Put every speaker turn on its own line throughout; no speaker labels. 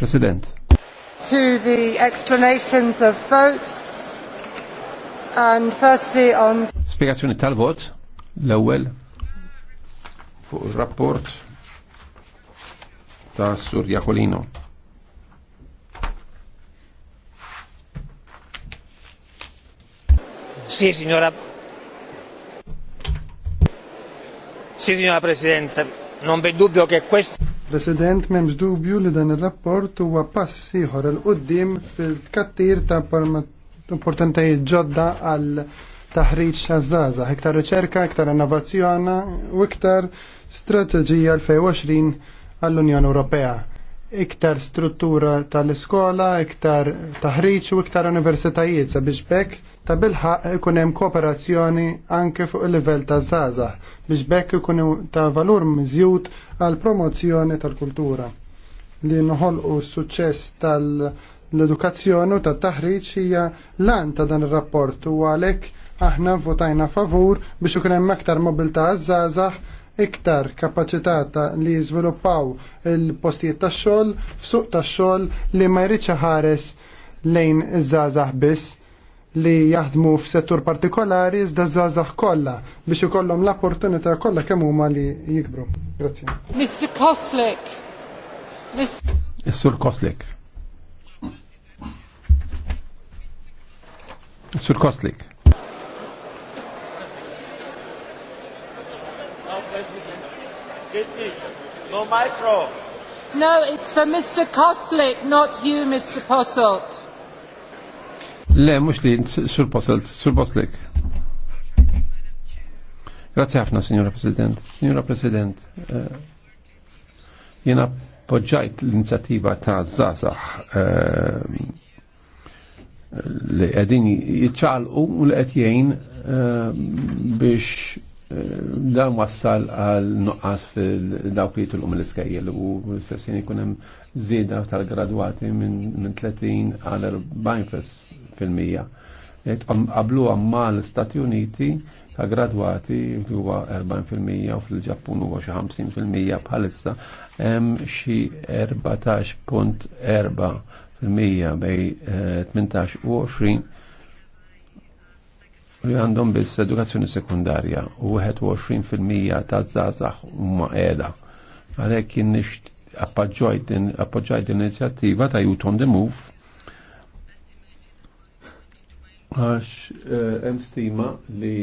President.
To the explanations of votes and firstly on
Spiegazzjoni tal-vot l-ewwel fuq ir-rapport ta' Sur Jacolino.
Sì, signora. Sì, signora Presidente, non v'è dubbio che questo President, memx dubju li dan il-rapport huwa pass ieħor il qudiem fil-kattir ta' importanti ġodda għal taħriġ għazzaza, iktar riċerka, iktar innovazzjoni u iktar strategija strateġija 2020 għall-Unjoni Ewropea iktar struttura tal-iskola, iktar taħriġ u iktar universitajiet sabiex bekk ta' bilħaq ikun hemm kooperazzjoni anke fuq il-livell ta' zaza biex bekk ikun ta' valur miżjud għal promozzjoni tal-kultura li nħol s-suċċess tal-edukazzjoni u tat-taħriġ hija lan ta' dan ir-rapport u għalhekk aħna votajna favur biex ikun hemm aktar mobilità għaż iktar kapacità li jiżviluppaw il-postijiet tax-xogħol f'suq tax-xogħol li ma jridx ħares lejn iż-żgħażagħ biss li jaħdmu f'settur partikolari iżda żgħażagħ kollha biex ikollhom l-opportunità kollha kemm huma li jikbru. Grazzi. Mr. Koslik.
Is-Sur Koslik. Is-Sur Koslik.
No micro. No, it's for Mr. Koslik, not you, Mr. Posselt.
Le, mux li, sur Posselt, sur Poslik. Grazie ħafna, Signora President. Signora President, eh, jena poġġajt l inizjativa ta' Zazax eh, li għedin jitċal u li għedjien eh, biex dan wassal għal nuqqas fil-dawk li tulqum l-iskajjel u s-sessin ikun hemm tal-gradwati minn 30 għal 40 fil-mija. Għablu għamma l-Stati Uniti ta' gradwati huwa 40% u fil-Ġappun huwa xi 50% bħalissa hemm xi 14.4% bej 18 eh, u 20 li għandhom biss edukazzjoni sekundarja u 21% ta' zazax huma qiegħda. Għalhekk kien appoġġajt l-inizjattiva ta' Youth on the Move għax eh, hemm stima li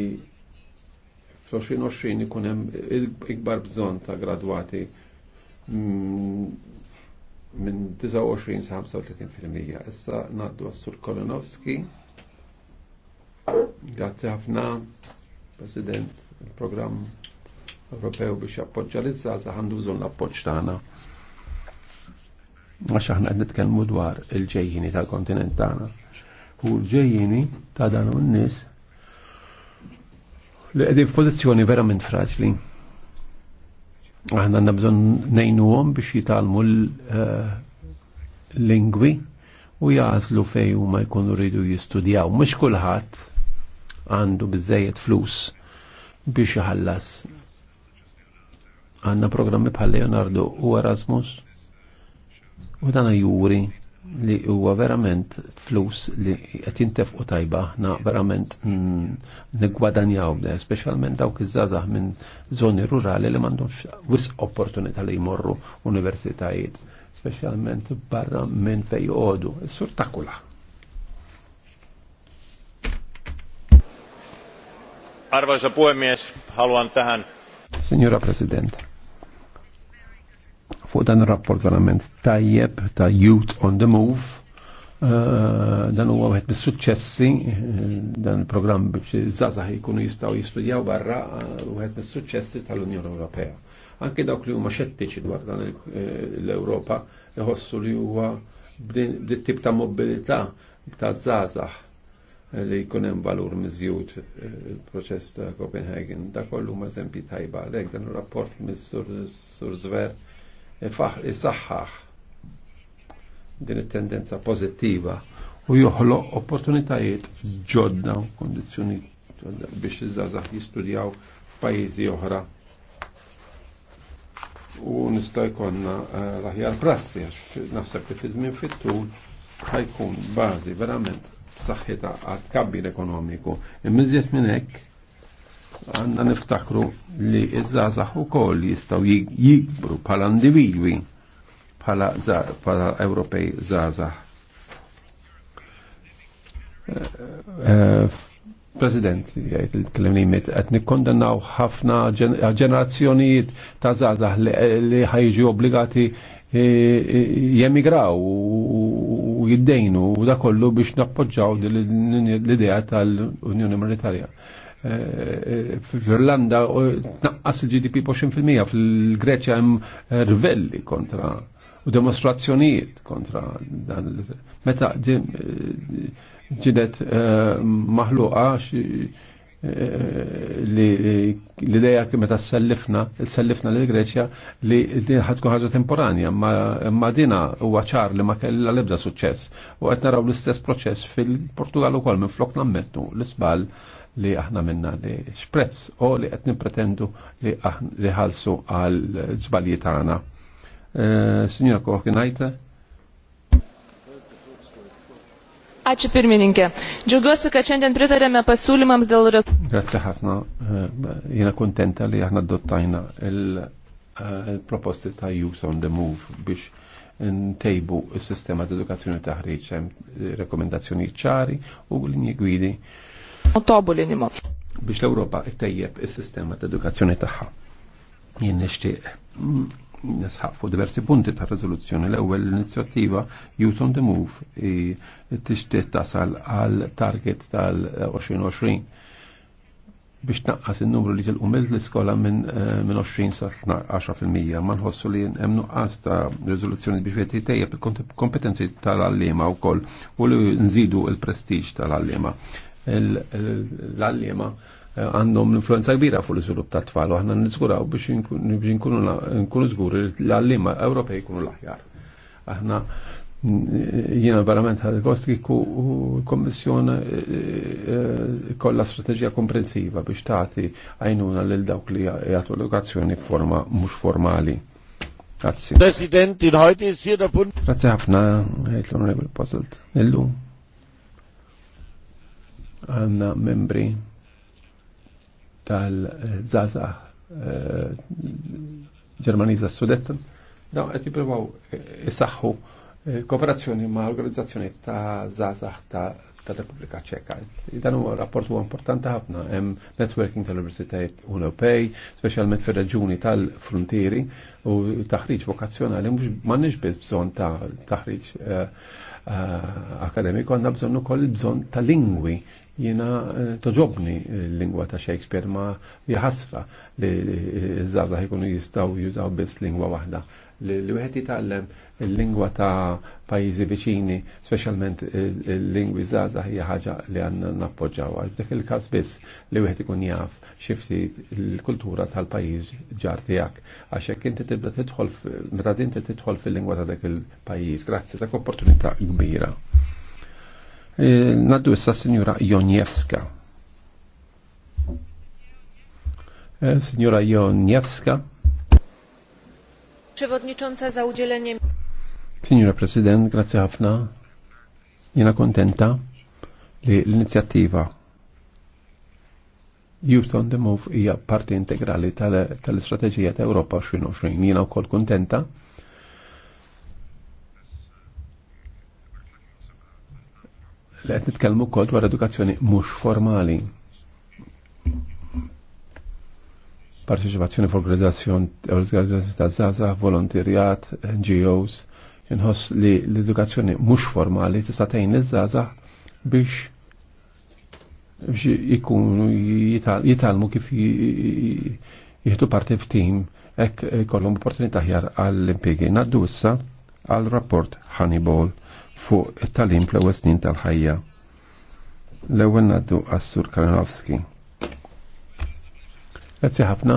fl-2020 ikun hemm ikbar bżonn ta' gradwati mm, minn 29 sa 35%. Issa naddu għas-Sur Kolonowski. Grazzi ħafna, President, il-programm Ewropew biex jappoġġa l-izzaza bżonn l-appoġġ tagħna. Għax aħna qed nitkellmu dwar il-ġejjini tal-kontinent tagħna. U l-ġejjini ta' dan nies li qegħdin f'pożizzjoni verament fraċli. Aħna għandna bżonn ngħinuhom biex jitalmu eh, l-lingwi u jażlu fejn huma jkunu rridu jistudjaw. Mhux kulħadd għandu bizzejiet flus biex jħallas. Għanna programmi bħal Leonardo u Erasmus u dan juri li huwa verament flus li qed jintefqu tajba aħna verament niggwadanjaw da, speċjalment dawk iż-żgħażagħ minn żoni rurali li m'għandhomx wisq opportunità li jmorru universitajiet, speċjalment barra minn fejn jgħodu, is-sur ta' kulħadd
Arvoisa puhemies, haluan tähän.
Signora President, fuq dan il-rapport verament tajjeb ta' Youth on the Move, Uh, dan huwa wieħed mis-suċċessi eh, dan il-programm biex żgħażagħ jkunu jistgħu jistudjaw barra eh, wieħed mis-suċċessi tal-Unjoni Ewropea. Anke dawk li huma xettiċi dwar dan l-Ewropa iħossu li huwa b'din tip ta' mobilità ta' żgħażagħ li jkun hemm valur miżjud eh, il-proċess ta' Copenhagen. Da kollu ma' zempi tajba għalhekk dan rapport mis-Sur Zver isaħħaħ din it-tendenza pożittiva u joħloq opportunitajiet ġodda u kondizzjoni biex iż-żazax jistudjaw f'pajjiżi oħra u nista' jkollna eh, l-aħjar prassi għax naħseb li fi żmien fit-tul ħajkun bażi verament s b'saħħitha għad kabbir ekonomiku. Immiżiet minnek, għanna niftakru li iż-żgħażagħ żazax ukoll jistaw jikbru pala individwi pala, bħala Ewropej żgħażagħ. Eh, eh, President, jgħajt il-kellem li jmet, għet nikkondannaw ħafna ġenerazzjonijiet ta' zazax li ħajġu obbligati E, e, jemigraw u jiddejnu u da kollu biex nappoġġaw l-idea tal-Unjoni Monetarja. E, F'Irlanda irlanda tnaqqas il-GDP b'20% fil-Greċja mija fil jem rivelli kontra u demonstrazzjonijiet kontra dan meta ġidet maħluqa li l-ideja meta sellifna, sellifna lil greċja li ħatkun ħaġa temporanja, ma dina huwa ċar li ma kellha l-ebda suċċess. U qed naraw l-istess proċess fil-Portugal ukoll minn flok nammettu l-isbal li aħna minna li xprezz u li qed nippretendu li ħalsu għal żbalji tagħna. Eh, Signora Koch,
Ačiū pirmininkė. Džiaugiuosi, kad šiandien pritarėme pasiūlymams dėl rezultatų.
Grazie ħafna. Eh, jena kontenta li aħna dottajna il-proposti eh, ta' Youth on the Move biex ntejbu s-sistema d edukazzjoni ta' ħriġ eh, rekomendazzjoni ċari u linji gwidi.
Otobulinimo.
Biex l europa ittejjeb is-sistema d edukazzjoni tagħha. Jien nixtieq mm, nisħaq fuq diversi punti ta' rezoluzzjoni. L-ewwel l-inizjattiva Youth on the Move tixtieq tasal għal target tal-2020 biex naqqas il-numru li tilqu mill-iskola minn 20 eh, sa 10% ma nħossu li hemm nuqqas ta' riżoluzzjoni biex qed jitejjeb il-kompetenzi tal għalliema wkoll u li nżidu l-prestiġ tal-allima. L-allima għandhom influenza kbira fuq l-iżvilupp tat-tfal u aħna niżguraw biex nkunu żguri l-għalliema Ewropej jkunu l-aħjar. Aħna jiena l verament ħad kost l-kommissjoni eh, eh, kollha strateġija komprensiva biex tagħti għajnuna lil dawk li jagħtu edukazzjoni f'forma mhux formali. Grazie. President, in heute ist hier der Bund. Grazie ħafna, għajt l-Honorable Puzzled. Illum. Għanna membri tal-żaza eh, Ġermaniza Sudetta, daw qed jippruvaw jisaxħu eh, e eh, kooperazzjoni ma' organizzazzjoni ta' żazax ta' ta' repubblika Ċeka. Dan huwa rapport huwa importanti ħafna, hemm networking tal-Universitajiet Ewropej, speċjalment fir-reġuni tal-frontieri u taħriġ vokazzjonali mhux m'għandniex biss bżonn ta' taħriġ eh, eh, akademiku, għandna bżonn ukoll bżonn ta' lingwi jiena eh, toġobni l-lingwa ta' Shakespeare ma jħasra li iż-żazah jkunu jistaw jużaw biss lingwa waħda li wieħed jitgħallem il-lingwa ta' pajjiżi viċini, speċjalment il-lingwi żgħażagħ hija ħaġa li għandna nappoġġaw għal f'dak il-każ biss li wieħed ikun jaf xifti l-kultura tal-pajjiż ġar tiegħek għax hekk inti tibda tidħol meta din tidħol fil-lingwa ta' dak il-pajjiż. Grazzi dak opportunità kbira. Eh, naddu issa eh, Sinjura Jonjewska. Signora Jonjewska.
Przewodnicząca za udzielenie.
Signora President, grazie ħafna. Jena kontenta li l-inizjattiva Youth on the Move hija parti integrali tal-istrateġija ta' Europa 2020. Jena u koll kontenta li qed nitkellmu wkoll dwar edukazzjoni mux formali Parteċipazzjoni f'organizzazzjoni ta' zaza, volontirjat, NGOs, jinħoss li l-edukazzjoni mhux formali tista' tgħin iż-żaza biex biex ikunu jitalmu kif jieħdu parti f'tim ek kollhom opportunità ħjar għall-impjegi. Naddu issa għall rapport Hannibal fuq it-talim fl-ewwel snin tal-ħajja. L-ewwel naddu għas-Sur Kalinowski. Grazzi ħafna.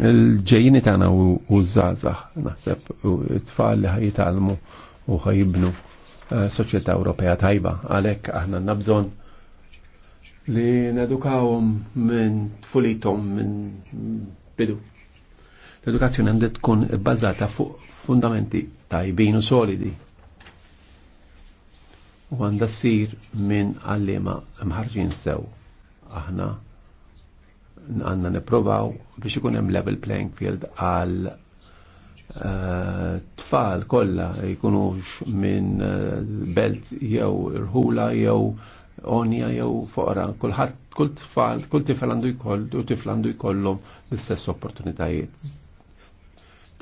Il-ġejjini tagħna u żgħażagħ naħseb it-tfal li ħajitalmu u ħajibnu eh, soċjetà Ewropea tajba għalhekk aħna nabżon li nedukawhom minn tfulithom minn bidu. L-edukazzjoni għandha tkun bbażata fuq fundamenti tajbin u solidi u għandha ssir minn għallima mħarġin sew aħna għanna niprovaw biex ikun hemm level playing field għal uh, tfal kollha jkunu minn eh, belt jew irħula jew onja jew foqra, kulħadd kull tfal, kull tifel għandu jkoll u tifel għandu jkollhom l-istess opportunitajiet.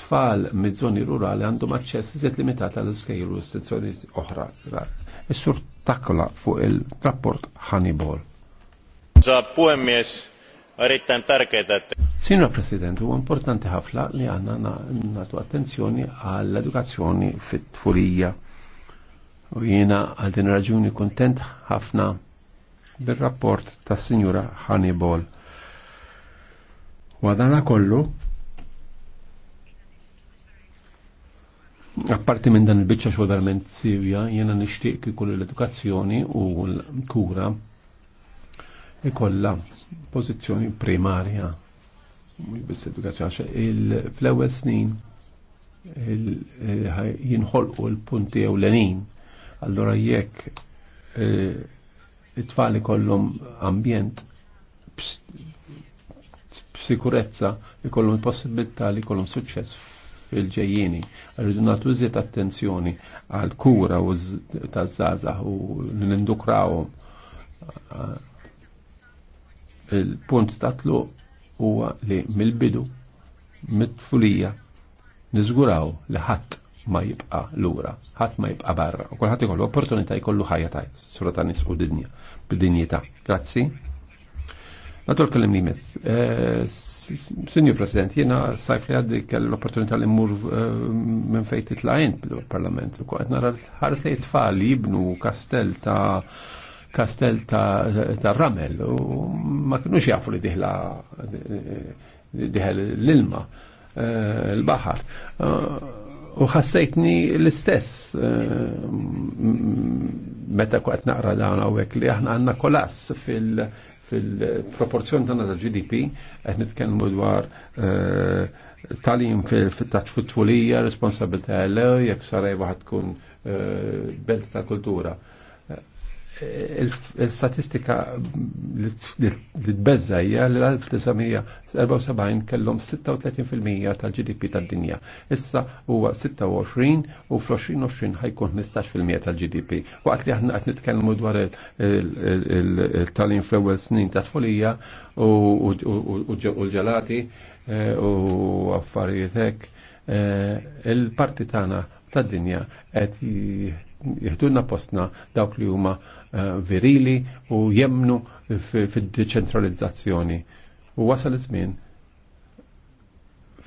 Tfal mid-żoni rurali għandhom aċċess iżjed limitat għal iskejjer u istazzjoni oħra. Is-sur takla fuq il-rapport Hannibal
puhemies, erittäin tärkeää, että...
Signor President, huwa importanti ħafna li għanna nagħtu attenzjoni għall-edukazzjoni fit-tfurija. U jiena għal din raġuni kontent ħafna bil-rapport ta' Signora Hannibal. Wadana kollu, Apparti minn dan il-bicċa xogħol verament sivja, jiena nixtieq kikul l-edukazzjoni u l-kura ikolla pozizjoni primarja bis edukazzjoni fl-ewwel snin jinħolqu l-punti ewlenin. Allora jekk eh, it-tfal ikollhom ambjent b'sikurezza ikollhom il-possibilità li jkollhom suċċess fil-ġejjini. Rridu nagħtu iżjed attenzjoni għal kura u taż-żgħażagħ u nindukrawhom il-punt tatlu huwa li mill-bidu, mit-tfulija, nizguraw li ħadd ma jibqa lura, ħadd ma jibqa barra, u kulħadd ikollu opportunità jkollu ħajja taj, sura ta' nisqu dinja, bid-dinjità. Grazzi. Natur kellim li mis. Eh, Sinju President, jena sajf li għaddi kell l-opportunità li mmur eh, minn fejt it-lajn bil-parlament. Għet nara ħarsej tfal jibnu kastel ta' kastell ta' ramel u ma kienux jafu li diħla diħel l-ilma eh, l-bahar eh, u ħassejtni l-istess eh, meta kwaqt naqra dawn hawnhekk li aħna għandna kolass fil fil-proporzjon tagħna tal-GDP qed nitkellmu dwar talim fil taċ fit-tfulija, responsabilità l jekk sarajwa tkun belt ta' kultura il-statistika li tbezza hija li l-1974 kellhom 36% tal-GDP tad-dinja. Issa huwa 26 u fl-2020 ħajkun 15% tal-GDP. Waqt li aħna qed nitkellmu dwar il-talim fl-ewwel snin ta' tfulija u l-ġelati eh, u affarijiet hekk eh, il-parti tagħna tad-dinja qed jihdunna postna dawk li huma Eh, virili u jemnu fil deċentralizzazzjoni U wasal iż-żmien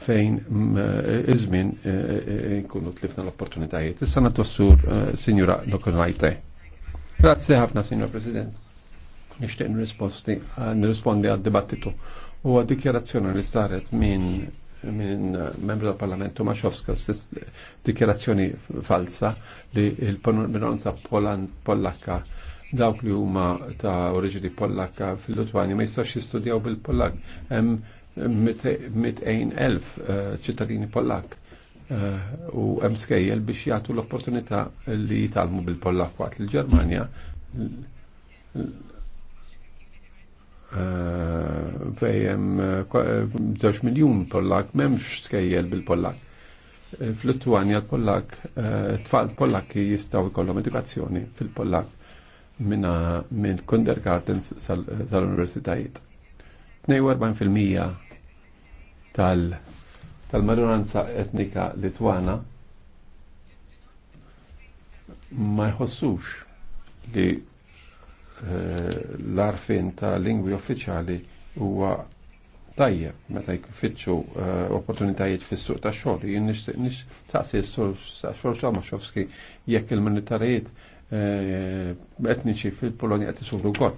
fejn mm, eh, iż-żmien eh, nkunu tlifna l-opportunitajiet. Issa natossur Sinjura Lokonajte. Grazzi ħafna, Sinjura President. Nishtiq nirrisposti nirrispondi għad-dibattitu u għad dikjerazzjoni li saret minn minn membru tal parlamentu Maċowska dikjerazzjoni falsa li il-minoranza pollakka dawk li huma ta' oriġini Pollakka fil-Lutwani ma jistax jistudjaw bil-Pollak. Hemm 200,000 eh, ċittadini Pollak eh, u hemm skejjel biex jagħtu l-opportunità li jitalmu bil-Pollak waqt il-Ġermanja eh, fejjem żewġ miljun Pollak m'hemmx skejjel bil-Pollak. fl lutwani l-Pollak, tfal Pollakki jistgħu jkollhom edukazzjoni fil-Pollak minna minn kindergartens sal-universitajiet. 42% tal- tal-maġoranza etnika Litwana ma jħossux li eh, l-arfin ta' lingwi uffiċjali huwa tajjeb meta jfittxu eh, opportunitajiet fis-suq ta' xogħol. Jien nixtieq nix taqsi s-sur xofski jekk il-militarijiet Eh, etniċi fil-Polonja qed isuru wkoll.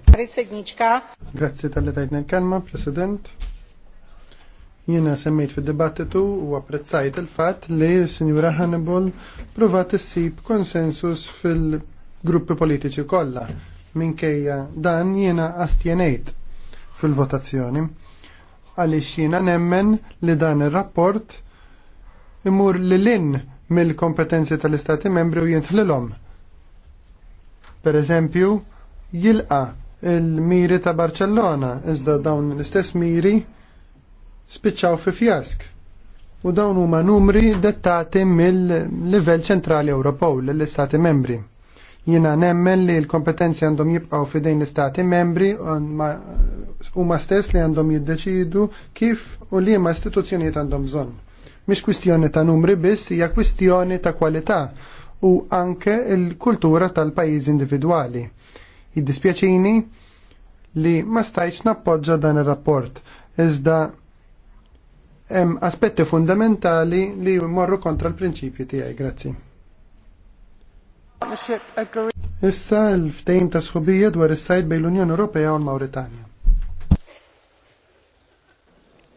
Grazzi tal-li tajtna l-kelma, President. Jiena semmejt fid-dibattitu u apprezzajt il-fatt li s-Sinjura Hannibal provat issib konsensus fil-gruppi politiċi kollha. Minkejja dan jiena astjenejt fil-votazzjoni għaliex jiena nemmen li dan ir-rapport imur li lin mill-kompetenzi tal-Istati membri u jintħlilhom per eżempju, jilqa il-miri ta' Barcellona, iżda dawn l-istess miri spiċċaw fi fjask. U dawn huma numri dettati mill-livell ċentrali Ewropew lill-Istati membri. Jiena nemmen li l-kompetenzi għandhom jibqgħu fidejn l-Istati membri huma stess li għandhom jiddeċidu kif u li ma istituzzjonijiet għandhom bżonn. Mhix kwistjoni ta' numri biss, hija kwistjoni ta' kwalità u anke il-kultura tal-pajjiż individwali. Id-dispjaċini li ma stajċ nappoġġa dan ir-rapport, iżda hemm aspetti fundamentali li morru kontra l-prinċipju tiegħi. Grazzi. Issa l-ftejn ta' sħubija dwar is-sajt bejn l-Unjoni Ewropea u l-Mawritanja.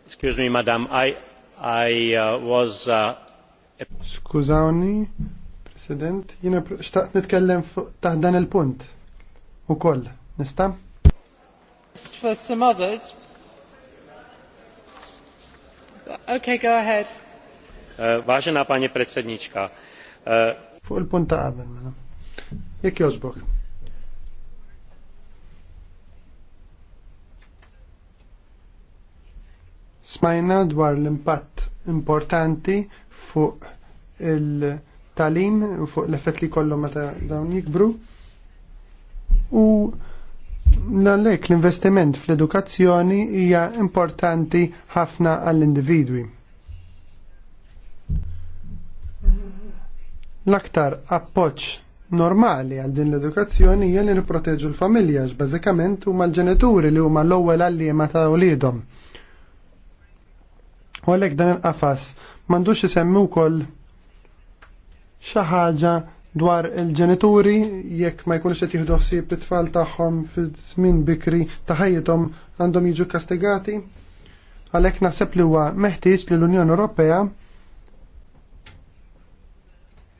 Excuse me, madam, I, I uh, was... Uh...
Skużawni, President, jina xtaqt nitkellem taħt dan il-punt. U koll, nista? For some others. Okay, go ahead. Eh, vážená pani predsednička. Eh, fuq il-punt ta' qabel, mela. Jek jozbok? Smajna dwar l-impatt importanti fuq il- talim u fuq l-effett li kollu meta dawn jikbru. U l-għalek l-investiment fl-edukazzjoni hija importanti ħafna għall-individwi. L-aktar appoċ normali għal din l-edukazzjoni hija li nipproteġu l-familja x'bażikament huma l-ġenituri li huma l-ewwel għalliema ta' wliedhom. U għalhekk dan il-qafas m'għandux isemmi wkoll xaħġa ħaġa dwar il-ġenituri jekk ma jkunux qed jieħdu ħsieb it-tfal tagħhom fiż-żmien bikri ta' ħajjithom għandhom jiġu kastigati. Għalhekk naħseb li huwa meħtieġ li l-Unjoni Ewropea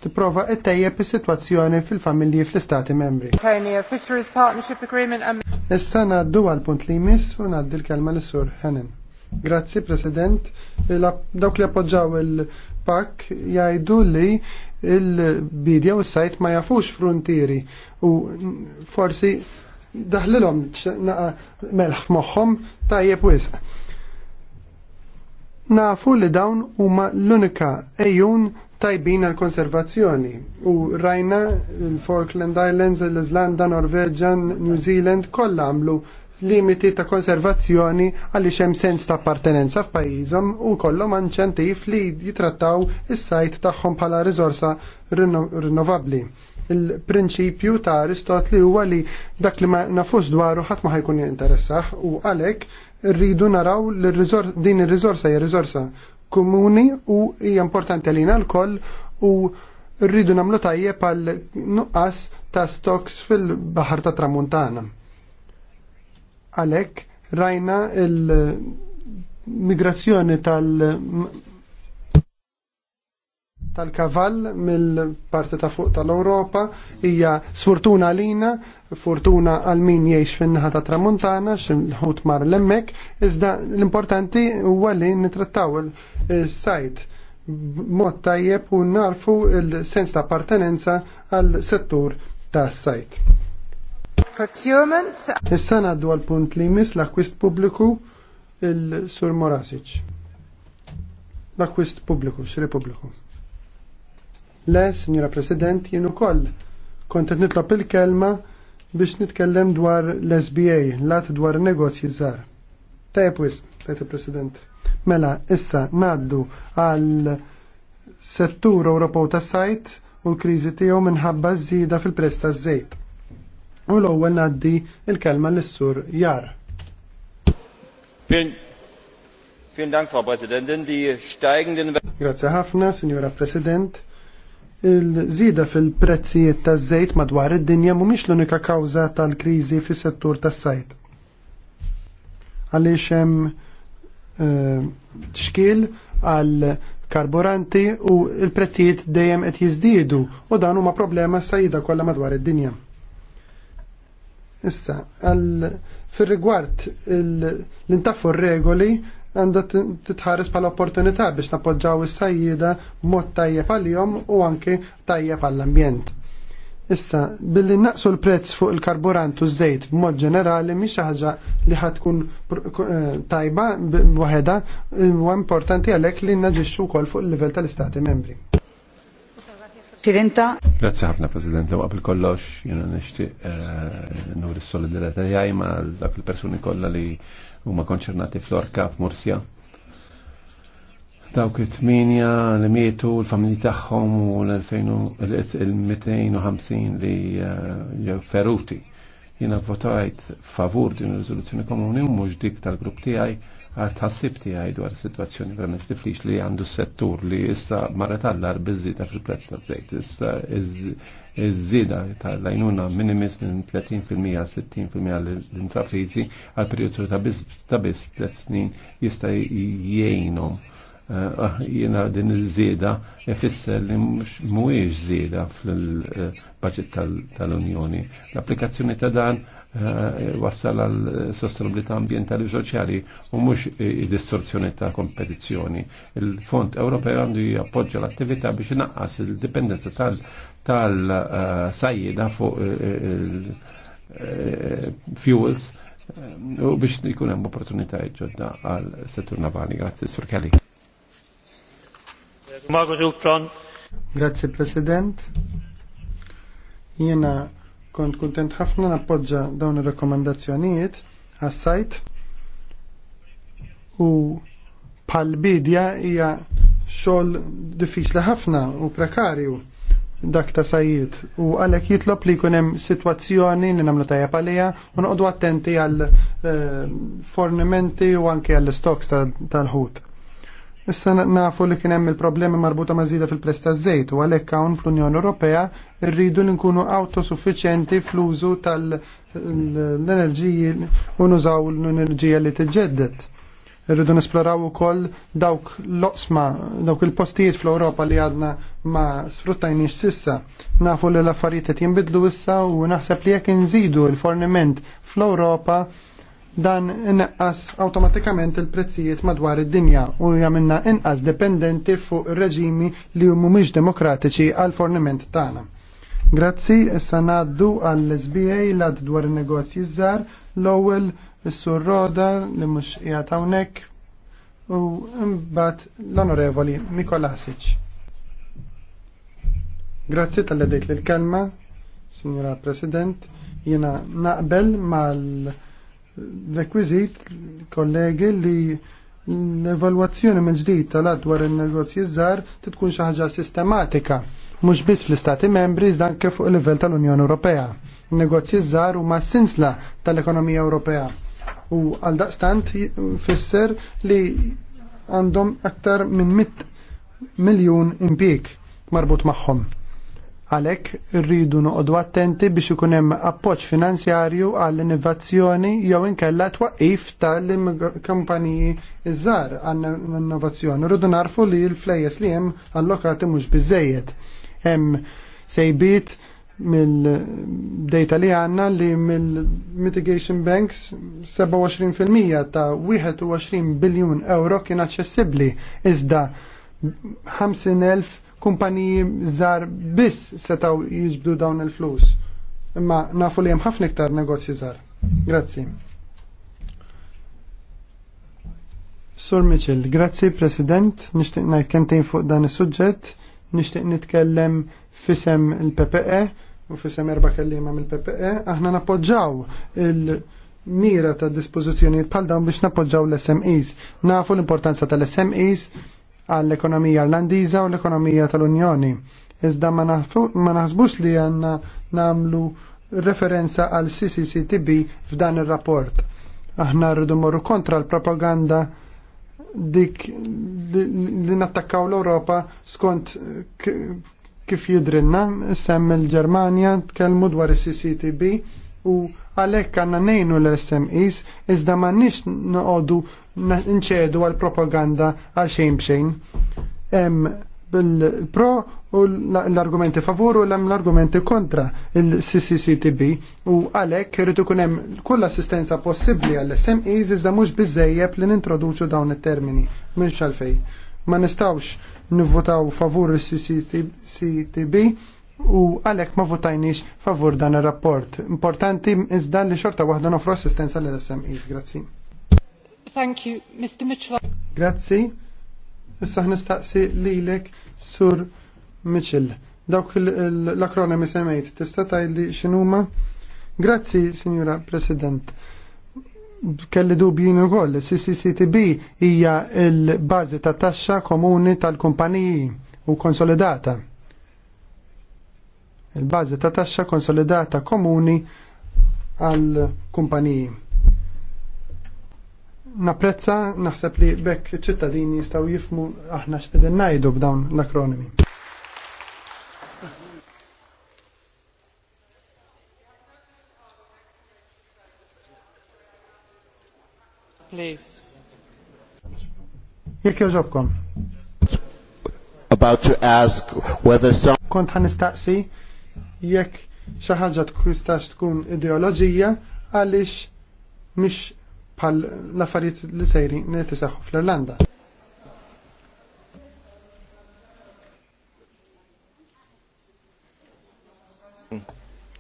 tipprova ttejjeb is-sitwazzjoni fil-familji fl-Istati membri. Issa ngħaddu għal punt li jmiss u ngħaddi l-kelma lis sur Henin. Grazzi President, dawk li appoġġaw il-PAK jgħidu li il-bidja u s-sajt ma jafux frontieri u forsi daħlilhom naqa melħ moħħom tajjeb wisq. Nafu li dawn huma l-unika ejjun tajbin għal konservazzjoni u rajna il falkland Islands, l islanda Norveġan, New Zealand kollha għamlu limiti ta' konservazzjoni għaliex hemm sens ta' appartenenza f'pajjiżhom u kollhom anċentif li jitrattaw is-sajt tagħhom bħala riżorsa rinnovabbli. Il-prinċipju ta' Aristotli huwa li dak li ma nafux dwaru ħadd ma ħajkun jinteressaħ u għalhekk rridu naraw li din ir-riżorsa hija riżorsa komuni u hija importanti għalina l-koll u rridu namlu tajjeb għal nuqqas ta' stoks fil baħar ta' Tramuntana. Għalhekk rajna il-migrazzjoni tal- tal-kavall mill-parti ta' fuq tal-Europa hija sfortuna lina, fortuna għal min jgħix fin-naħa ta' tramuntana ħut mar l-emmek, iżda l-importanti huwa li nitrattaw il-sajt mod tajjeb u narfu il-sens ta' appartenenza għal settur tas sajt procurement. Issa ngħaddu għal punt li jmiss l-akwist pubbliku il-Sur Morasic. L-akwist pubbliku, xri pubbliku. Le, Signora President, jien ukoll kontet nitlop il-kelma biex nitkellem dwar l-SBA, lat dwar negozji żgħar. Tajb wisq, tajt il-President. Mela, issa ngħaddu għal settur Ewropew tas-sajt u l-kriżi tiegħu minħabba żieda fil-prezz taż-żejt. U l-ewwel ngħaddi il-kelma lis-sur Jar. Vielen
Dank, Frau Präsidentin. Die steigenden
Grazie ħafna, Signora President. Il-żida fil-prezzijiet taż-żejt madwar id-dinja mhumiex l-unika kawża tal-kriżi fis-settur tas-sajt. Għaliex hemm eh, xkiel għal karburanti u l-prezzijiet dejjem qed jiżdiedu u dan huma problema sajda kollha madwar id-dinja. Issa, fil-rigward l-intaffu regoli għandha titħares pal opportunità biex napoġġaw is-sajjida b'mod tajjeb għal-jom u anke tajjeb għall-ambjent. Issa, billi naqsu l-prezz fuq il-karburant u żejt b'mod ġenerali xi ħaġa li ħad tkun eh, tajba waħedha huwa importanti għalhekk li naġixxu wkoll fuq il-livell tal-Istati membri. Presidenta.
Grazie ħafna President u għabil kollox, jena nishti nur il-solidarieta jgħaj ma dak il-personi kolla li huma konċernati fl-orka f'Mursja. Dawk it-tminja li mietu l-familji tagħhom u l-250 li feruti. Jena votajt favur din ir-riżoluzzjoni komuni u mhux dik tal-grupp tiegħi tħassib għaj dwar situazzjoni sitwazzjoni verament tiflix li għandu settur li issa mara tallar biżita fil-prezz tal-żejt. jissa iż-żieda tal-lajnuna minimis minn 30% 60% l-intraprizi għal periodu ta' biss tliet snin jista' jgħinhom. Eh, jiena din iż zida ifisser li mhuwiex zida fil-baġit eh, tal-Unjoni. L-applikazzjoni ta' dan Eh, wassal għal sostenibilità ambientali u soċjali u mhux id-distorzjoni ta' kompetizzjoni. Il-Fond Ewropew għandu jappoġġa l-attività biex naqqas il-dipendenza tal-sajjida fuq il-fuels eh, eh, u biex ikun hemm opportunità ġodda għal settur navali. Grazie, Sur Kelly.
Grazie President. Jena Kont kuntent ħafna nappoġġa dawn ir-rakkomandazzjonijiet għas-sajt u pal bidja hija xogħol diffiċli ħafna u prekarju dak ta' sajjiet u għalhekk jitlob li jkun hemm sitwazzjoni li nagħmlu tajjeb għaliha u noqogħdu attenti għal eh, fornimenti u anke għall istoks tal-ħut. Issa nafu li kien hemm il-problemi marbuta ma' żida fil-prezz taż-żejt u għalhekk hawn fl-Unjoni Ewropea rridu li nkunu autosuffiċjenti fl-użu tal-enerġiji u nużaw l-enerġija li tiġġedded. Irridu nesploraw ukoll dawk l-oqsma, dawk il-postijiet fl-Ewropa li għadna ma sfruttajniex sissa. Nafu li l-affarijiet qed jinbidlu issa u naħseb li jekk inżidu l-forniment fl-Ewropa dan inqas awtomatikament il-prezzijiet madwar id-dinja u jagħmilna inqas dependenti fuq reġimi li mhumiex demokratiċi għal forniment tagħna. Grazzi, issa ngħaddu għall-SBA lad għad dwar in-negozji żgħar l-ewwel is-sur Roda li mhux qiegħed hawnhekk u mbagħad l-Onorevoli Mikolasic. Grazzi tal-li dejt l-kelma, Signora President, jiena naqbel mal- rekwizit kollegi li l-evalwazzjoni minn ġdid tal-għad dwar il-negozji żgħar titkun xi ħaġa sistematika mhux biss fl-Istati membri iżda anke fuq il-livell tal-Unjoni Ewropea. Il-negozji żgħar huma sinsla tal-ekonomija Ewropea u għal daqstant fisser li għandhom aktar minn 100 miljun impjieg marbut magħhom. Għalhekk rridu noqogħdu attenti biex ikun hemm appoġġ finanzjarju għall innovazzjoni jew inkella twaqqif tal kampaniji iż-żgħar għall innovazzjoni. Rridu narfu li l-flejjes li hemm allokati mhux biżejjed. Hemm sejbiet mill-data li għanna li mill-mitigation banks 27% ta' 21 biljun euro kien aċċessibbli iżda 50.000 kumpaniji żgħar biss setaw jiġbdu dawn il-flus. Imma nafu li hemm ħafna iktar negozji żgħar. Grazzi. Sur Mitchell, grazzi President, nixtieq ngħid kentejn fuq dan is-suġġett, nixtieq nitkellem fisem il-PPE u fisem erba' kelliema mill-PPE, aħna nappoġġaw il- mira ta' dispożizzjonijiet bħal dawn biex nappoġġaw l-SMEs. Nafu l-importanza tal-SMEs għall-ekonomija irlandiża u l-ekonomija tal-Unjoni. Iżda ma naħsbux li għanna namlu referenza għal CCCTB f'dan ir-rapport. Aħna rridu morru kontra l-propaganda dik li nattakkaw l-Europa skont kif jidrinna, sem il-Germania tkellmu dwar is-CCTB u għalhekk għandna ngħinu l-SMEs iżda m'għandniex noqogħdu nċedu għal propaganda għal xejn bxejn. Hemm bil-pro u l-argumenti favur u l-argumenti kontra il-CCCTB u għalek rritu kunem kull assistenza possibli għall-SMEs iżda mux bizzejjeb li nintroduċu dawn it-termini. Mux għalfej. Ma nistawx nivvotaw favur il-CCCTB u għalhekk ma votajniex favur dan ir-rapport. Importanti iżda li xorta waħda nofru assistenza l smes Grazzi. Thank you, Mr. Mitchell. Grazzi. Issa nistaqsi lilek sur Mitchell. Dawk l akrona semmejt, tista' tgħidli x'inhuma? Grazzi, Signora President kelli dubjin ukoll CCCTB hija l-bażi ta' taxxa komuni tal-kumpaniji u konsolidata il-bażi ta' taxxa konsolidata komuni għal kumpaniji. Napprezza naħseb li bekk ċittadini jistgħu jifmu aħna x'qegħdin ngħidu b'dawn l-akronimi. please. Jekk About to ask whether some Kont ħanistaqsi jekk xi ħaġa tistax tkun ideoloġija għaliex mhix bħal l-affarijiet li sejrin li tisaħħu fl-Irlanda.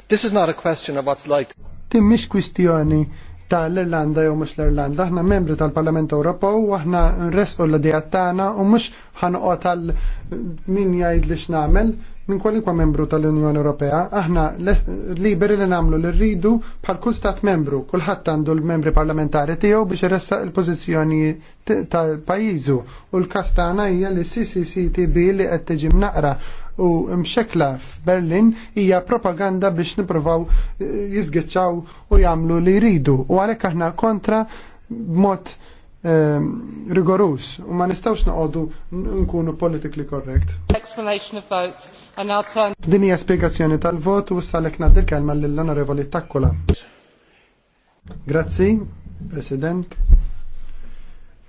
This is not a question of what's like. Tim mhix kwistjoni ta' l-Irlanda jew mhux l-Irlanda, aħna membri tal-Parlament Ewropew u aħna nresqu l-idea tagħna u mhux ħanqgħod għal min jgħid li x'namel, minn kwalikwa membru tal-Unjoni Ewropea, aħna liberi li namlu li rridu bħal kull stat membru, kulħadd għandu l-membri parlamentari tiegħu biex iressaq il-pożizzjoni tal-pajjiżu. U l-kastana hija li CCCTB li qed tiġi mnaqra u mxekla f'Berlin hija propaganda biex nippruvaw eh, jizgiċċaw u jagħmlu li jridu. U għalhekk aħna kontra b'mod Ehm, rigorous u ma nistawx noqogħdu nkunu politically correct. Explanation of votes and turn. Din hija spjegazzjoni tal-vot u issa lek ngħaddi l-kelma lill-Onorevoli Takkola. Grazzi, President.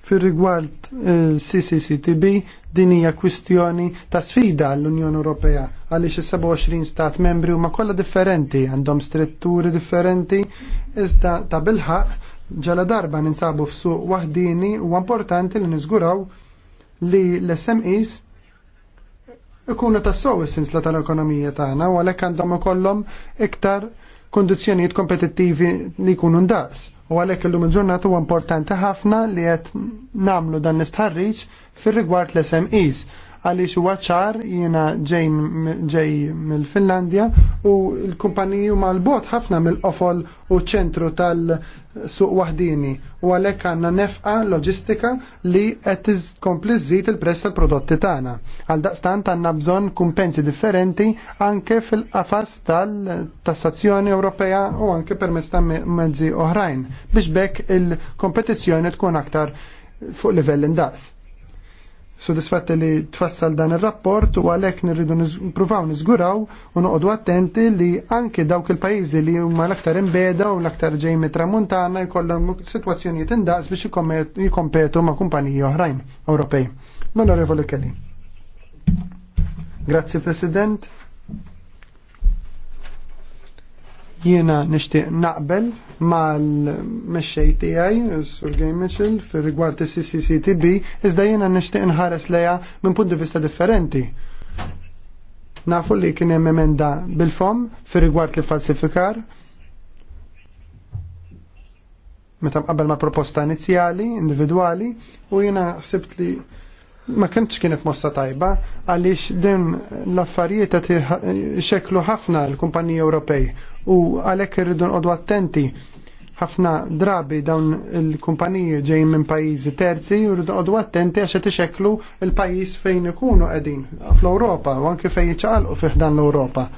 Fir-rigward eh, ccctb din hija kwistjoni ta' sfida għall-Unjoni Ewropea għaliex is-27 stat membri huma kollha differenti, għandhom strutturi differenti, iżda ta' bilħaq ġala darba ninsabu f'suq waħdini u importanti li niżguraw li l-SMEs ikunu tassow is-sinsla tal-ekonomija tagħna u għalhekk għandhom ikollhom iktar kondizzjonijiet kompetittivi li jkunu ndaqs. U għalhekk illum il-ġurnata huwa importanti ħafna li qed nagħmlu dan l-istħarriġ fir-rigward l-SMEs għaliex huwa ċar jiena ġej mill-Finlandja u l-kumpaniji huma l-bot ħafna mill-qofol u ċentru tal-suq wahdini u għalhekk għandna nefqa loġistika li qed komplizzit il-prezz tal-prodotti tagħna. Għal daqstant għandna bżonn kumpensi differenti anke fil-qafas tal-tassazzjoni Ewropea u anke permezz ta' mezzi oħrajn biex bekk il-kompetizzjoni tkun aktar fuq livell indaqs sodisfatti li tfassal dan ir-rapport u għalhekk nirridu nippruvaw niżguraw u noqogħdu attenti li anke dawk il-pajjiżi li huma l-aktar imbeda u l-aktar ġejmi mit-tramuntana jkollhom sitwazzjonijiet indaqs biex jikompetu ma' kumpaniji oħrajn Ewropej. L-Onorevoli Kelly. Grazzi President. Jiena nixtieq naqbel mal-mexxej tiegħi sur Game Mitchell fir rigward is-CCCTB iżda jiena nixtieq nħares lejha minn punt di vista differenti. Nafu li kien hemm emenda bil-fom fir rigward li falsifikar meta mqabbel ma' proposta inizjali, individwali, u jiena ħsibt li ma kentx kienet mossa tajba għaliex din l-affarijiet qed xeklu ħafna l-kumpaniji Ewropej u għalhekk irridu nqogħdu attenti ħafna drabi dawn il-kumpaniji ġejjin minn pajjiżi terzi u rridu qogħdu attenti għax qed ixekklu l-pajjiż fejn ikunu qegħdin fl-Ewropa u anke fejn jiċċaqalqu fih dan l-Ewropa.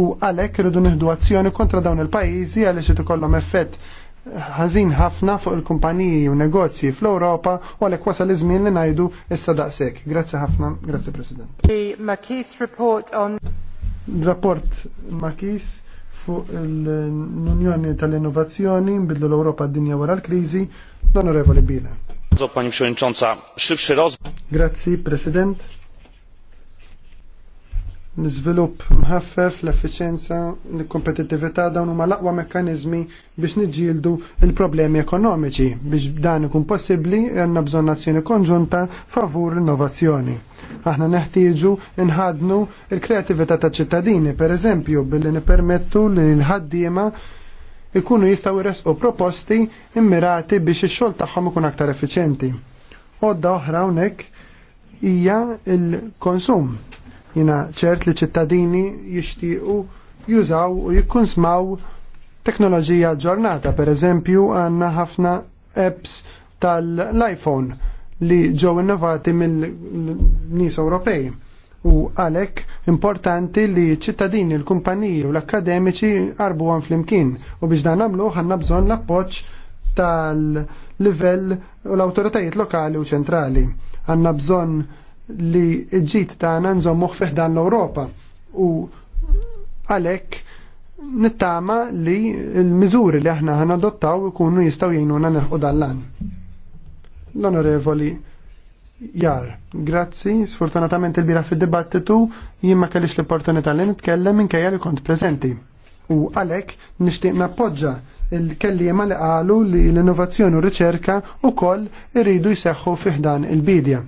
U għalhekk irridu nieħdu azzjoni kontra dawn il-pajjiżi għaliex qed ikollhom effett ħażin ħafna fuq il-kumpaniji u negozji fl-Ewropa u għalhekk wasal iż-żmien li ngħidu issa daqshekk. Grazzi ħafna, grazzi President. The Makis report on Rapport Makis fuq l-Unjoni tal-Innovazzjoni nbidlu l-Ewropa d-dinja wara l-kriżi, l-Onorevoli Bile. Grazzi, President. Grazie, nizvilup mħaffef l efficienza l kompetitività dawn huma l-aqwa mekkaniżmi biex nġildu il-problemi ekonomiċi. Biex dan ikun possibbli għandna bżonn azzjoni konġunta favur l-innovazzjoni. Aħna neħtieġu nħadnu l kreativita ta' ċittadini, per eżempju, billi nipermettu li l-ħaddiema ikunu jistaw jresqu proposti immirati biex ix-xogħol tagħhom ikun aktar effiċjenti. Odda oħra hawnhekk hija l-konsum Jina ċert li ċittadini jixtiequ jużaw u smaw teknoloġija ġornata. Per eżempju, għanna ħafna apps tal-iPhone li ġew innovati mill-nies Ewropej. U għalek importanti li ċittadini, l-kumpaniji u l-akademiċi arbu għan flimkien. U biex dan għamlu ħanna bżon l-appoċ tal-livell u l-autoritajiet lokali u ċentrali. Għanna bżon li ġit tagħna nżommuh fih dan l-Ewropa u għalhekk nittama li l-miżuri li aħna ħana adottaw ikunu jistgħu jgħinuna neħu dan l-an. L-Onorevoli Jar, grazzi, sfortunatament il-bira fil-dibattitu jimma kellix l-opportunità li nitkellem minkejja li kont prezenti. U għalek nishtiq nappoġġa il-kellima li qalu li l-innovazzjoni u r-riċerka u koll irridu jseħħu fiħdan il-bidja.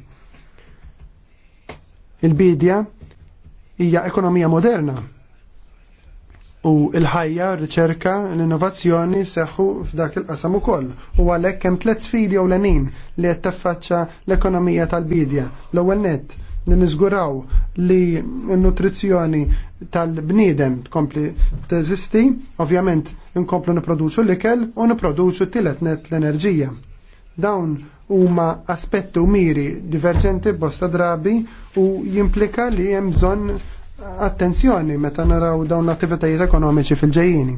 Il-bidja hija ekonomija moderna u l-ħajja, r-riċerka, l-innovazzjoni seħħu f'dak il-qasam ukoll. U għalhekk hemm tliet sfidi l-enin li qed taffaċċa l-ekonomija tal-bidja. L-ewwel nett li niżguraw li n-nutrizzjoni tal-bniedem tkompli teżisti, ovvjament nkomplu produċu l-ikel u niproduċu t-tielet net l-enerġija. Dawn huma aspetti u miri diverġenti bosta drabi u jimplika li hemm bżonn attenzjoni meta naraw dawn l-attivitajiet ekonomiċi fil-ġejjini.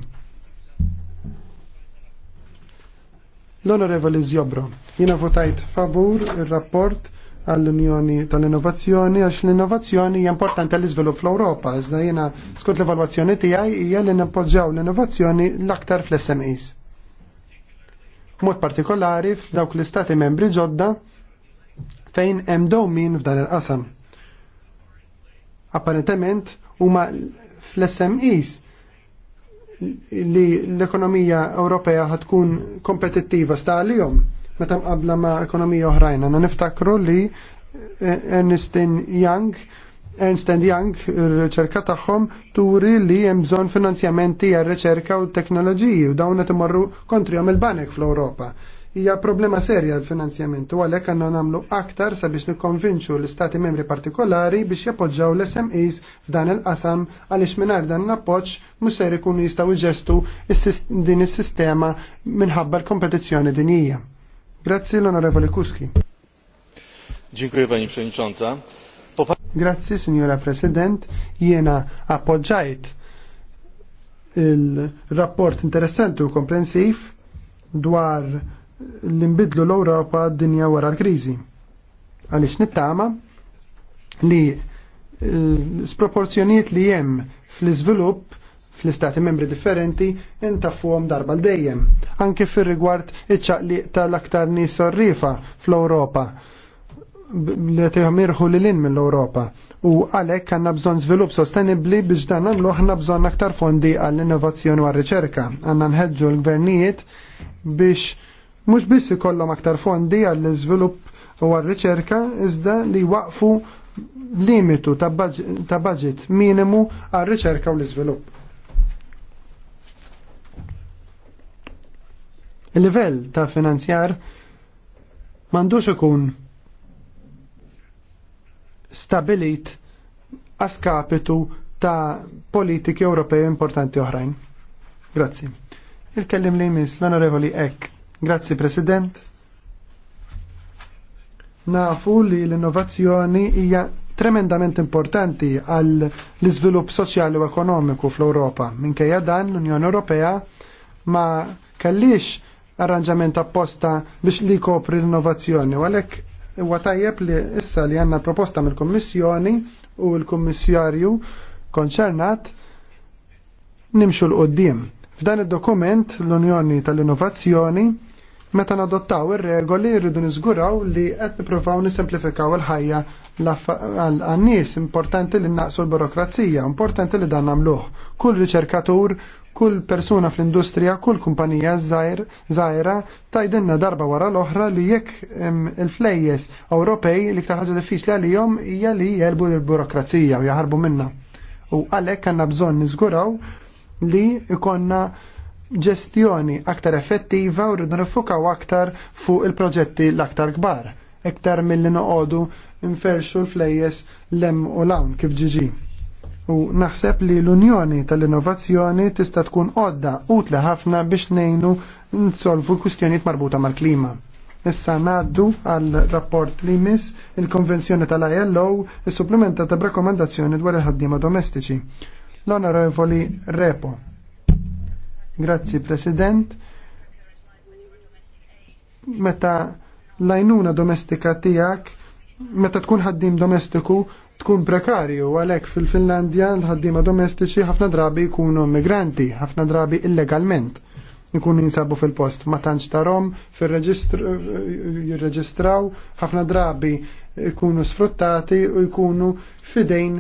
L-Onorevoli Zjobro, jina votajt favur il-rapport għall-Unjoni tal-Innovazzjoni għax l-innovazzjoni hija importanti għall iżvilupp fl-Ewropa, iżda jiena skont l-evalwazzjoni tiegħi hija li nappoġġjaw l-innovazzjoni l-aktar fl-SMEs mod partikolari f'dawk l-istati membri ġodda fejn hemm dowmin f'dan il-qasam. Apparentement huma fl-SMEs li l-ekonomija Ewropea tkun kompetittiva sta għalihom meta mqabla ma' ekonomija oħrajna. Na niftakru li Ernestin Young Ernst Young, il-riċerka tagħhom turi li hemm bżonn finanzjamenti għal reċerka u teknoloġiji u dawn qed imorru kontrihom il-banek fl-Ewropa. Hija problema serja l finanzjamentu għalek għalhekk għandna nagħmlu aktar sabiex nikkonvinċu l-istati membri partikolari biex jappoġġaw l-SMEs f'dan il-qasam għaliex mingħajr dan l appoċ mhux ikunu jistgħu jġestu din is-sistema minħabba l kompetizjoni dinija. Grazzi l-Onorevoli Kuski. Dziękuję Pani Przewodnicząca. Grazzi, Signora President. Jiena appoġġajt il-rapport interessanti u komprensiv dwar l-imbidlu l-Europa d-dinja wara l-krizi. Għalix nittama li sproporzjoniet li jem fl izvilup fl-istati membri differenti intafuhom darba l-dejjem, anke fir rigward iċċaqliq tal-aktar nies sorrifa fl-Europa li teħom irħu li lin mill-Europa u għalek għanna bżon zvilup sostenibli biex dan għamlu għanna bżon aktar fondi għall-innovazzjoni u għall-riċerka. Għanna nħedġu l-gvernijiet biex mux biss ikollhom aktar fondi għall-izvilup u għall-riċerka iżda li waqfu limitu ta' budget minimu għar riċerka u l-izvilup. Il-livell ta' finanzjar mandux ikun stabilit askapitu ta' politiki Ewropej importanti oħrajn. Grazzi. Il-kellim li jmiss l-onorevoli Ek. Grazzi, President. Nafu li l-innovazzjoni hija tremendament importanti għal l-iżvilupp soċjali u ekonomiku fl-Ewropa. Minkejja dan l-Unjoni Ewropea ma kellix arranġament apposta biex li kopri l-innovazzjoni u għalhekk Huwa tajjeb li issa li għandna proposta mill-Kummissjoni u l-Kummissjarju konċernat nimxu l-qoddim. F'dan id-dokument l-Unjoni tal-Innovazzjoni meta nadottaw ir-regoli rridu niżguraw li qed nippruvaw nisimplifikaw il-ħajja għan-nies importanti li naqsu l-burokrazija, importanti li dan nagħmluh. Kull riċerkatur, Kull persuna fl-industrija, kull kumpanija żgħira tajdenna darba wara l-oħra li jekk il-flejjes Ewropej li ktar ħaġa diffiċli għalihom hija li jelbu l-burokrazija u jaħarbu minna. U għalhekk għandna bżonn niżguraw li ikonna ġestjoni aktar effettiva u rridu nifukaw aktar fuq il-proġetti l-aktar kbar, iktar mill-li noqogħdu nferxu l-flejjes lem u lawn kif ġiġi u naħseb li l-Unjoni tal-Innovazzjoni tista' tkun għodda utli ħafna biex ngħinu nsolvu l-kwistjonijiet marbuta mal-klima. Issa ngħaddu għal rapport li miss il-Konvenzjoni tal-ILO s-supplementa ta b'rakkomandazzjoni dwar il-ħaddiema domestiċi. L-Onorevoli Repo. Grazzi President. Meta l ajnuna domestika tiegħek meta tkun ħaddim domestiku tkun prekarju għalhekk fil-Finlandja l-ħaddiema domestiċi ħafna drabi jkunu migranti, ħafna drabi illegalment nkunu jinsabu fil-post ma tantx tarom jirreġistraw ħafna drabi jkunu sfruttati u jkunu fidejn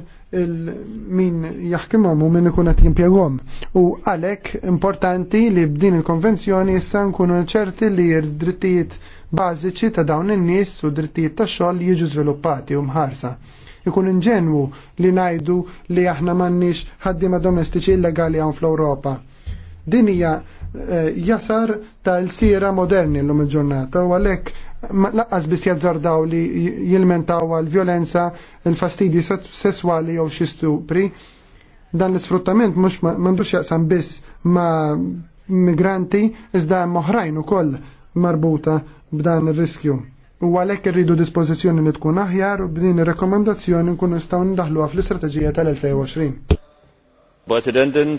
min jaħkimhom u min ikun qed U għalhekk importanti li b'din il-konvenzjoni issa nkunu ċerti li d-drittijiet bażiċi ta' dawn in-nies u drittijiet tax xogħol jiġu żviluppati u mħarsa ikun inġenwu li najdu li aħna m'għandniex ħaddiema domestiċi illegali hawn fl-Ewropa. Din hija eh, jasar tal-sira moderni l-lum il-ġurnata u għalek laqqas bis jazzardaw li jilmentaw għal-violenza, il-fastidi sessuali jew xi stupri. Dan l-sfruttament mux mandux jaqsam biss ma migranti iżda moħrajn u koll marbuta b'dan il-riskju. U għalhekk rridu dispożizzjoni li tkun aħjar u b'din ir-rekomandazzjoni nkun nistgħu ndaħluha fl-istrateġija tal-2020.
Präsidentin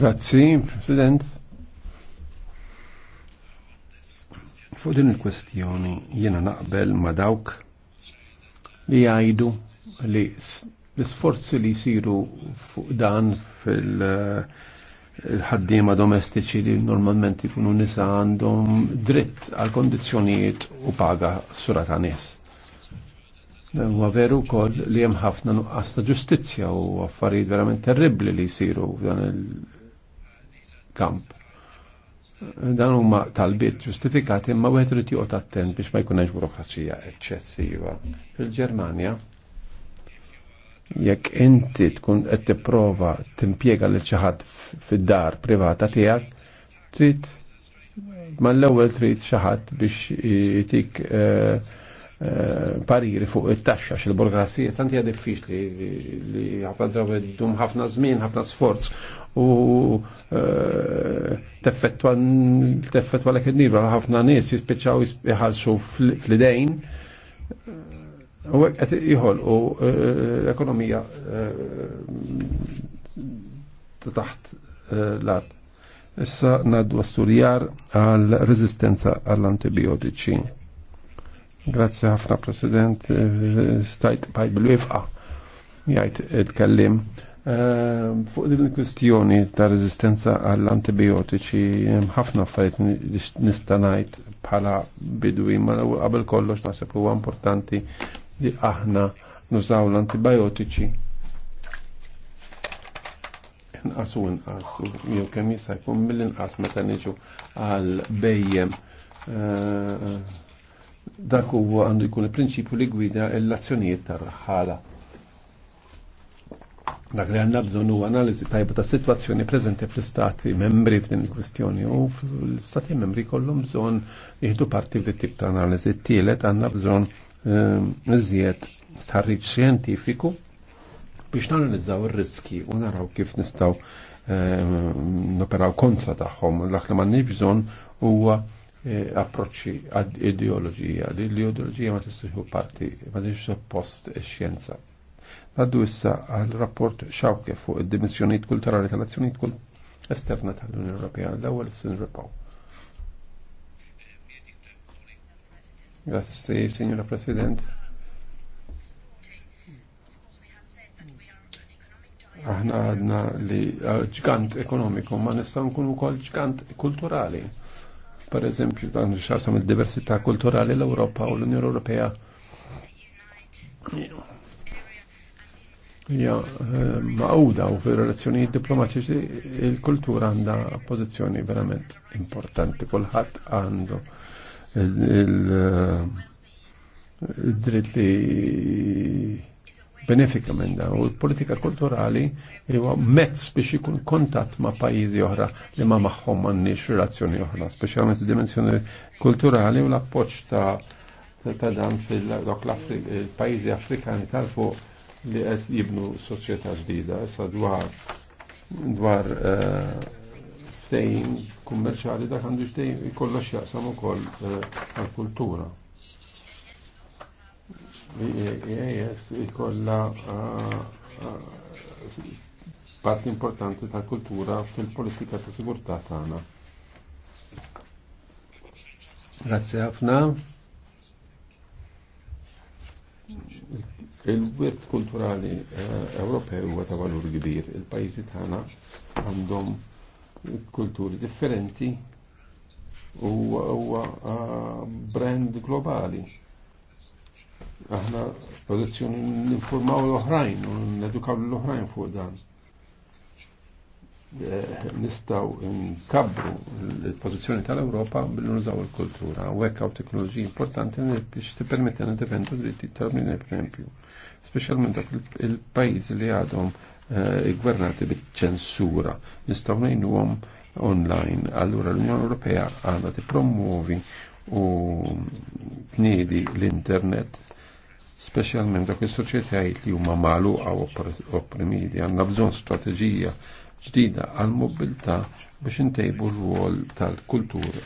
Grazzi, President.
Fuq din il-kwestjoni jiena naqbel ma dawk li jgħidu li l-sforzi li jsiru fuq dan fil- uh, ħaddiema domestiċi li normalment ikunu nisa għandhom dritt għal kondizjonijiet u paga surata nis. Huwa veru wkoll li hemm ħafna nuqqas ta' ġustizzja u affarijiet verament terribbli li jsiru f'dan il-kamp. Dan huma talbiet ġustifikati imma wieħed irid joqgħod attent biex ma jkunx burokrazija eċċessiva. Fil-Ġermanja jekk inti tkun qed tipprova timpjega lil xi ħadd fid-dar privata tiegħek trid mal-ewwel trid xi ħadd biex jtik eh, eh, pariri fuq it-taxxa x'il-burokrazija tant hija diffiċli li ħafna drabi ddum ħafna żmien, ħafna sforz u eh, teffettwa l-ek ħafna nies jispiċċaw jħallsu fl-idejn U għek għet iħol u eh, l-ekonomija eh, taħt eh, l-art. Issa naddu għasturjar għal rezistenza għall-antibiotiċi. Grazie ħafna, President, stajt bħaj bil-wifqa, jgħajt il-kellim. Fuq din il-kwistjoni ta' rezistenza għall-antibiotiċi, ħafna affarijiet nistanajt bħala bidwi, ma' għabel kollox naħseb huwa importanti li aħna nużaw l-antibiotiċi nqasu nqasu jew kemm jista' jkun mill-inqas meta niġu għal bejjem eh, dak huwa għandu jkun il-prinċipju li gwida l-azzjonijiet tar-raħħala. Dak li għandna bżonn huwa analiżi tajba ta' sitwazzjoni preżenti fl-istati membri f'din il-kwistjoni u fl-istati membri kollhom bżonn jieħdu parti f'din tip ta' analiżi. Tielet għandna bżonn Eh, iżjed tħarriġ xjentifiku biex nanalizzaw ir-riski u naraw kif nistgħu eh, noperaw kontra tagħhom l-aħna m'għandniex bżonn huwa eh, approċċi għad ideoloġija. L-ideoloġija ma tistax parti, ma tistax oppost xjenza. għaddu issa għal rapport xawke fuq id-dimissjonijiet kulturali tal-azzjonijiet esterna tal-Unjoni Ewropea l-ewwel sun repaw. Grazie, Signora Presidente. Aħna għadna li uh, ġgant ekonomiku, ma nistaw nkunu kol ġgant kulturali. Per eżempju, dan xasam il-diversità kulturali l-Europa u l-Unjoni Ewropea Ja, eh, maqawda u fil relazzjoni diplomatiċi il-kultura għanda pozizjoni verament importanti. kolħat għandu il-dritt li benefika minn dan u l-politika kulturali huwa mezz biex ikun kontatt ma' pajjiżi oħra li ma' magħhom m'għandniex relazzjoni oħra, speċjalment id-dimensjoni kulturali u l-appoġġ ta' ta' dan fil-dok l-pajjiżi Afrikani tal-fuq li qed jibnu soċjetà ġdida sa dwar dwar eh, ftejn kummerċali dak għandu ftejn kollha x'jaqsam ukoll għall-kultura. EAS ikolla parti importanti ta' kultura fil-politika ta' sigurtà tagħna. Grazie ħafna. Il-wirt kulturali Ewropew huwa ta' valur kbir. Il-pajjiżi tagħna għandhom kulturi differenti u huwa brand globali. Aħna pożizzjoni ninformaw l-oħrajn u nedukaw l-oħrajn fuq dan. Eh, nistaw nkabru l-pożizzjoni tal-Ewropa billi nużaw il-kultura u hekk hawn teknoloġiji importanti biex tippermettilna defendu dritti tal min per speċjalment dak il-pajjiżi li għadhom Eh, gvernati bit-ċensura. Nistgħu għom online. Allura l-Unjoni Ewropea għandha tippromuovi u tniedi l-internet specialment dak is-soċjetajiet li huma magħluqa għaw opprimidi għanna bżon strategija ġdida għal mobilità biex intejbu l-wol tal-kultur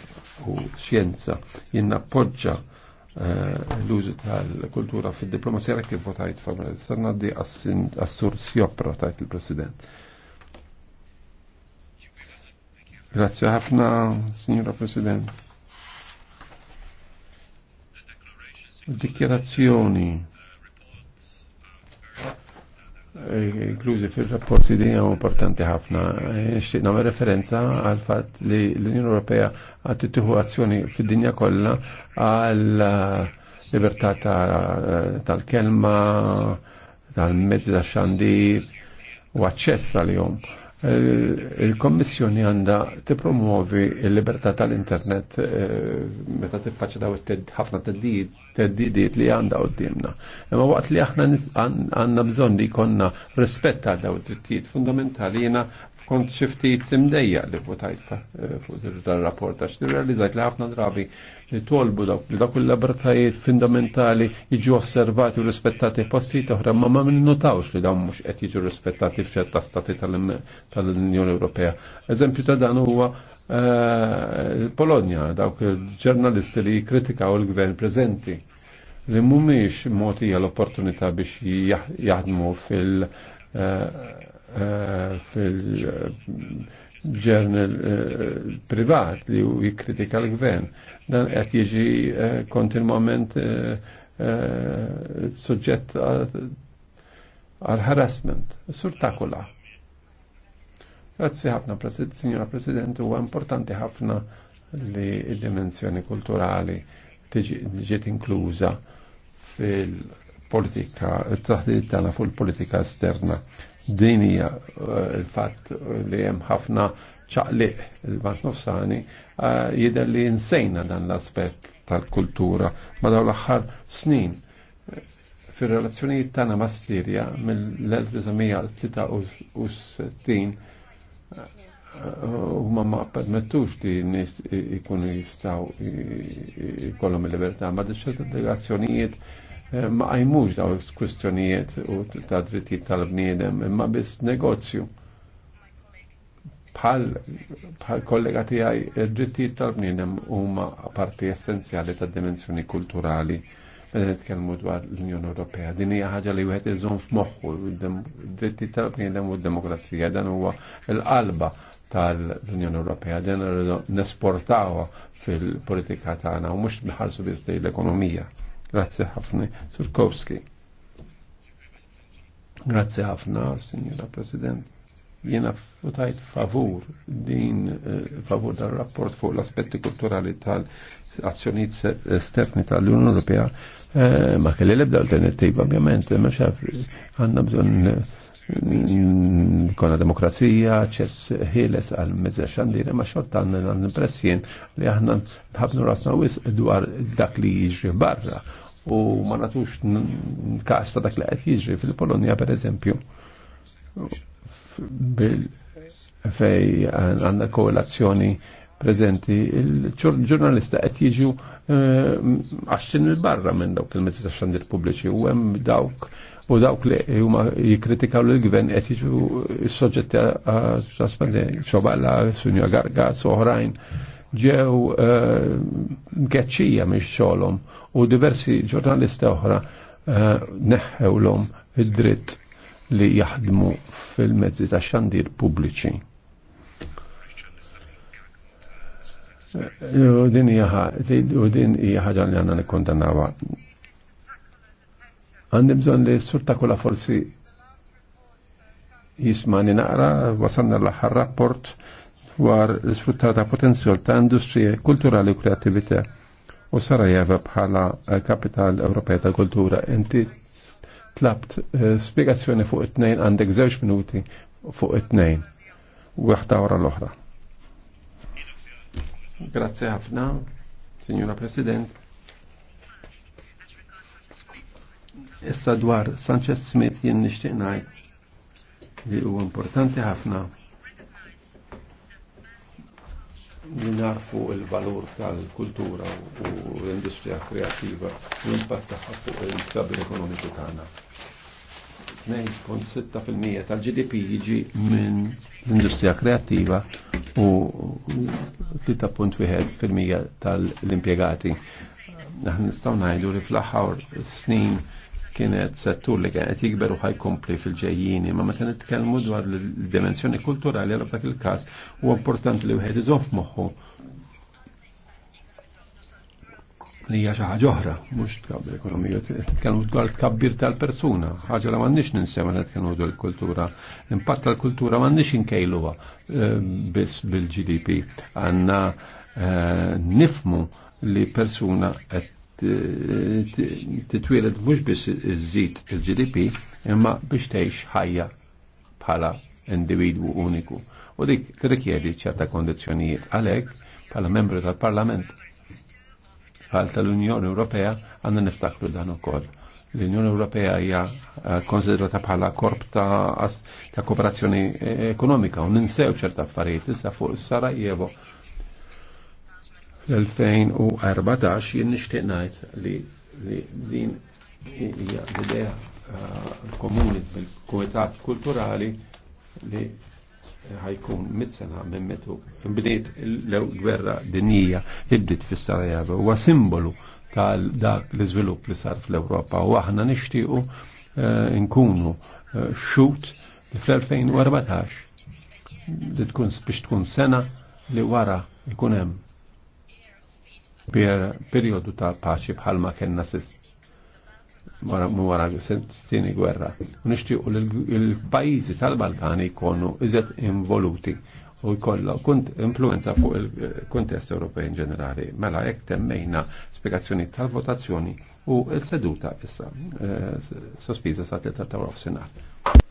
u xjenza jien appoġġa Eh, l-użu tal-kultura fil-diplomazija kif votajt favore. Sanna di assur sjopra tajt il-President. Grazie ħafna, signora President. Dikjerazzjoni inklużi fil-rapporti din hija importanti ħafna. Nixtieq nagħmel referenza għal fatt li l-Unjoni Ewropea għad tittieħu azzjoni fid-dinja kollha għal eh, libertà tal-kelma, tal-mezzi ta' xandir u aċċess għalihom. Eh, Il-Kommissjoni għandha tippromuovi l-libertà tal-internet eh, meta tiffaċċa daw ħafna teddid teddidiet li għandha qudiemna. Imma waqt li aħna għandna bżonn li jkollna rispett għal dawn drittijiet fundamentali jiena kont xiftit imdejja li votajt eh, fuq dal-rapport għax nirrealizzajt li ħafna drabi li tolbu dawk li dawk il-libertajiet fundamentali jiġu osservati u rispettati passi oħra ma ma minnotawx li dawn mhux qed jiġu rispettati f'ċerta stati tal-Unjoni Ewropea. Eżempju ta' dan huwa Eh, Polonia, dawk il-ġurnalisti li kritikaw il-gvern prezenti li mumiex moti l-opportunità biex jaħdmu fil- eh, eh, fil-ġernel privat li jikritika l-gvern. Dan qed jiġi kontinuament suġġett għal harassment, sur Grazie ħafna, Signora President, huwa importanti ħafna li d-dimensjoni kulturali ġiet inkluża fil-politika, taħdid tagħna fuq il-politika esterna. Din hija eh, l-fatt li hemm ħafna ċaqliq il-Bank Nofsani eh, jidher li insejna dan l-aspett tal-kultura ma dawn l-aħħar snin eh, fir-relazzjonijiet tagħna mas-Sirja mill-1963 U ma ma permettux li nis ikunu jistaw ikollhom il-libertà, ma d-xerta delegazzjonijiet eh, ma għajmux daw kustjonijiet u ta' drittijiet tal-bniedem, ma biss negozju. Bħal kollega tijaj, id-drittijiet tal-bniedem u ma parti essenzjali ta' dimensjoni kulturali nitkellmu dwar l-Unjoni Ewropea. Din hija ħaġa li wieħed iżżomm f'moħħu d-dritti tal-bniedem u d-demokrazija dan huwa l-qalba tal-Unjoni Ewropea dan nesportawha fil-politika tagħna u mhux nħarsu biss l-ekonomija. Grazzi ħafna, Surkowski. Grazzi ħafna, Signora President. Jiena futajt favur din eh, favur dal rapport fuq l-aspetti kulturali tal-azzjonijiet esterni tal-Unjoni Ewropea eh, ma kelli l-ebda alternattiva ovvjament ma xaf għandna bżon mm, konna demokrazija, ċess ħieles għal mezza xandira, ma xort għanna l-impressjen li għanna nħabnu rasna wis dwar dak li jiġri barra u ma natux kas ta' dak li qed jiġri fil polonia per eżempju fej għanna koalazzjoni prezenti, il-ġurnalista qed jiġu eh, għaxċin il-barra minn dawk il-mezzi ta' xandir pubbliċi u hemm dawk u dawk li huma jikkritikaw lil gvern qed jiġu s-soġġetti ta' ċoballa, Sunja Gargaz, oħrajn ġew mkeċċija eh, miex xolom u diversi ġurnalista oħra eh, neħħewlhom id-dritt li jaħdmu fil-mezzi ta' xandir pubbliċi. U din hija ħaġa li għanna nikkondannawa. Għandim bżon li s-surta kolla forsi jismani naqra, wasanna l ħar rapport dwar l-sfruttar ta' potenzjol ta' industrija kulturali u kreativita u Sarajeva bħala kapital Ewropea ta' kultura. Inti tlabt eh, spiegazzjoni fuq it-tnejn għandek żewġ minuti fuq it-tnejn. Waħda wara l-oħra. Grazzi ħafna, Signora President. Issa dwar Sanchez Smith jien nixtieq ngħid li huwa importanti ħafna li narfu il-valur tal-kultura u l-industrija kreativa u l-impatt taħħa fuq il-kabir ekonomiku tagħna. 2.6% tal-GDP jiġi minn l-industrija kreativa u 3.1% tal-impjegati. Naħn nistgħu ngħidu li fl-aħħar snin kienet settur li kienet jikberu ħajkompli fil-ġejjini, ma meta nitkellmu dwar l-dimensjoni kulturali għal dak il-każ u importanti li wieħed iżomm moħħu li hija xi ħaġa oħra, mhux tkabbir ekonomija, tkellmu dwar tkabbir tal-persuna, ħaġa li m'għandniex ninsew meta nitkellmu dwar il-kultura. L-impatt tal-kultura m'għandniex inkejluha eh, biss bil-GDP. Għandna eh, nifmu li persuna qed titwilet mux biss iż-żid il-GDP imma biex tgħix ħajja bħala individwu uniku. U dik trikjedi ċerta kondizzjonijiet għalhekk bħala membru tal-Parlament Għal tal-Unjoni Ewropea għandna niftakru dan ukoll. L-Unjoni Ewropea hija eh, konsiderata bħala korp ta', kooperazzjoni eh, ekonomika u ninsew ċerta affarijiet issa fuq sara jevo fl-2014 jien nixtieq ngħid li din hija l-idea eh, komuni bil-kumitat kulturali li ħajkun mit-sena minn metu bdiet l-gwerra dinjija li bdiet fis-Sarajevo huwa simbolu tal dak l-iżvilupp li sar fl-Ewropa u aħna nixtiequ eh, nkunu eh, xut fl-2014 li tkun biex tkun sena li wara ikun hemm periodu ta' paċi bħalma kena sis wara sentini gwerra. Nishtiqu li l-pajizi tal-Balkani jkunu iżet involuti u jkollu kunt influenza fuq il-kontest Ewropej in ġenerali. Mela hekk temmejna spiegazzjoni tal-votazzjoni u il seduta issa eh, sospiża sa' tetta ta' senar.